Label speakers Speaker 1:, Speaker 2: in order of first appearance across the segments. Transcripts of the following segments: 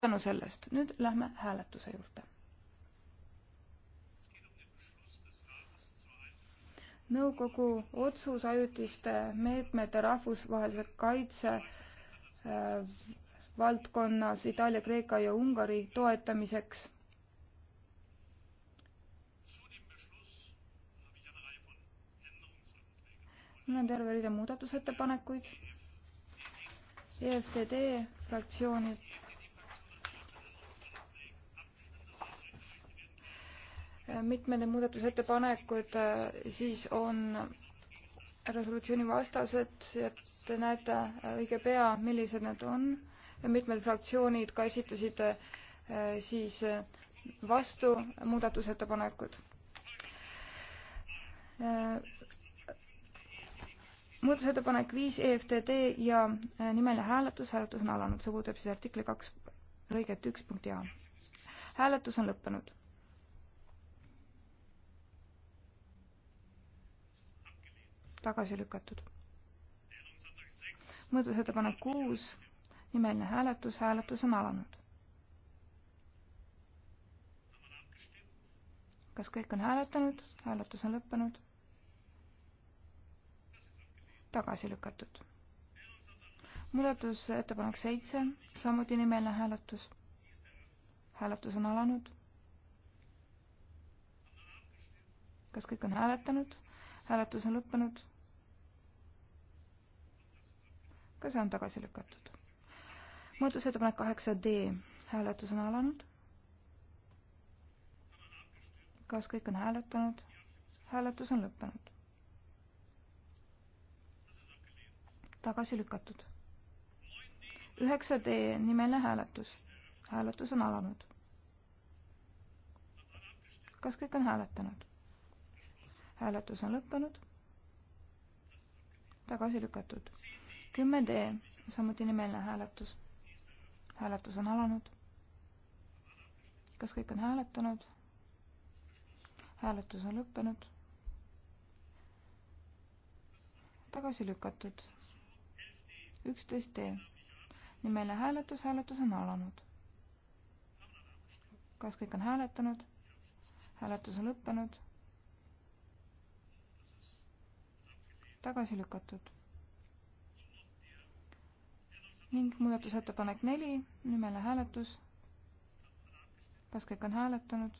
Speaker 1: tänu sellest. nüüd lähme hääletuse juurde. nõukogu otsus ajutiste meetmete rahvusvahelise kaitse äh, valdkonnas Itaalia, Kreeka ja Ungari toetamiseks mul on terve rida muudatusettepanekuid. EFTD fraktsioonilt mitmed need muudatusettepanekud äh, siis on resolutsiooni vastased ja te näete äh, õige pea, millised need on. mitmed fraktsioonid ka esitasid äh, siis vastu muudatusettepanekud. muudatusettepanek viis EFTD ja nimeline hääletus, hääletus on alanud, see puudutab siis artikli kaks lõiget üks punkti A. hääletus on lõppenud tagasi lükatud. muudatusettepanek kuus, nimeline hääletus, hääletus on alanud. kas kõik on hääletanud, hääletus on lõppenud? tagasi lükatud. muudatusettepanek seitse, samuti nimeline hääletus. hääletus on alanud. kas kõik on hääletanud? hääletus on lõppenud ka see on tagasi lükatud. muudatusettepanek kaheksa D, hääletus on alanud. kas kõik on hääletanud? hääletus on lõppenud. tagasi lükatud. üheksa D nimeline hääletus. hääletus on alanud. kas kõik on hääletanud? hääletus on lõppenud. tagasi lükatud kümme D, samuti nimeline hääletus. hääletus on alanud. kas kõik on hääletanud? hääletus on lõppenud. tagasi lükatud. üksteist D, nimeline hääletus, hääletus on alanud. kas kõik on hääletanud? hääletus on lõppenud. tagasi lükatud ning muudatusettepanek neli, nimele hääletus. kas kõik on hääletanud?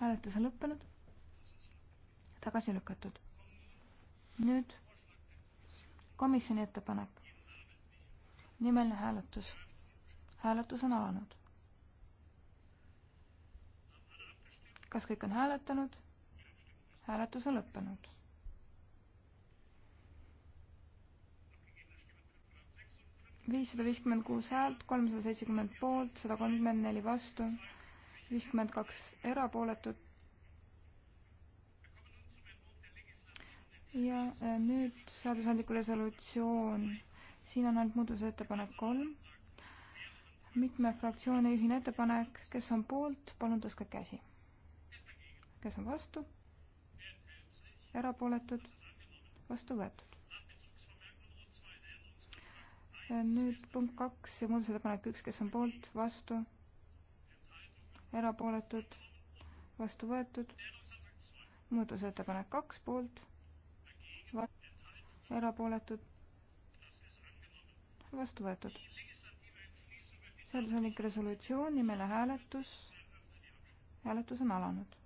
Speaker 1: hääletus on lõppenud, tagasi lükatud. nüüd komisjoni ettepanek, nimeline hääletus. hääletus on alanud. kas kõik on hääletanud? hääletus on lõppenud. viissada viiskümmend kuus häält, kolmsada seitsekümmend poolt, sada kolmkümmend neli vastu, viiskümmend kaks erapooletut. ja äh, nüüd seadusandliku resolutsioon. siin on ainult muudatusettepanek kolm mitme fraktsiooni ühine ettepanek, kes on poolt, palun tõstke käsi. kes on vastu? erapooletud, vastu võetud. nüüd punkt kaks ja muudatusettepanek üks, kes on poolt, vastu, erapooletud, vastu võetud. muudatusettepanek kaks poolt, erapooletud, vastu võetud. seadusandlik resolutsioon, nimele hääletus, hääletus on alanud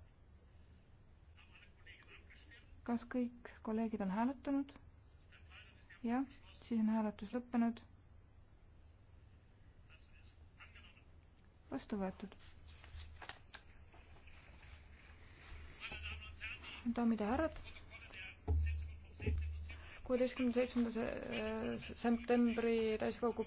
Speaker 1: kas kõik kolleegid on hääletanud? jah, siis on hääletus lõppenud. vastu võetud. daamid ja härrad, kuueteistkümnenda seitsmenda septembri täiskogu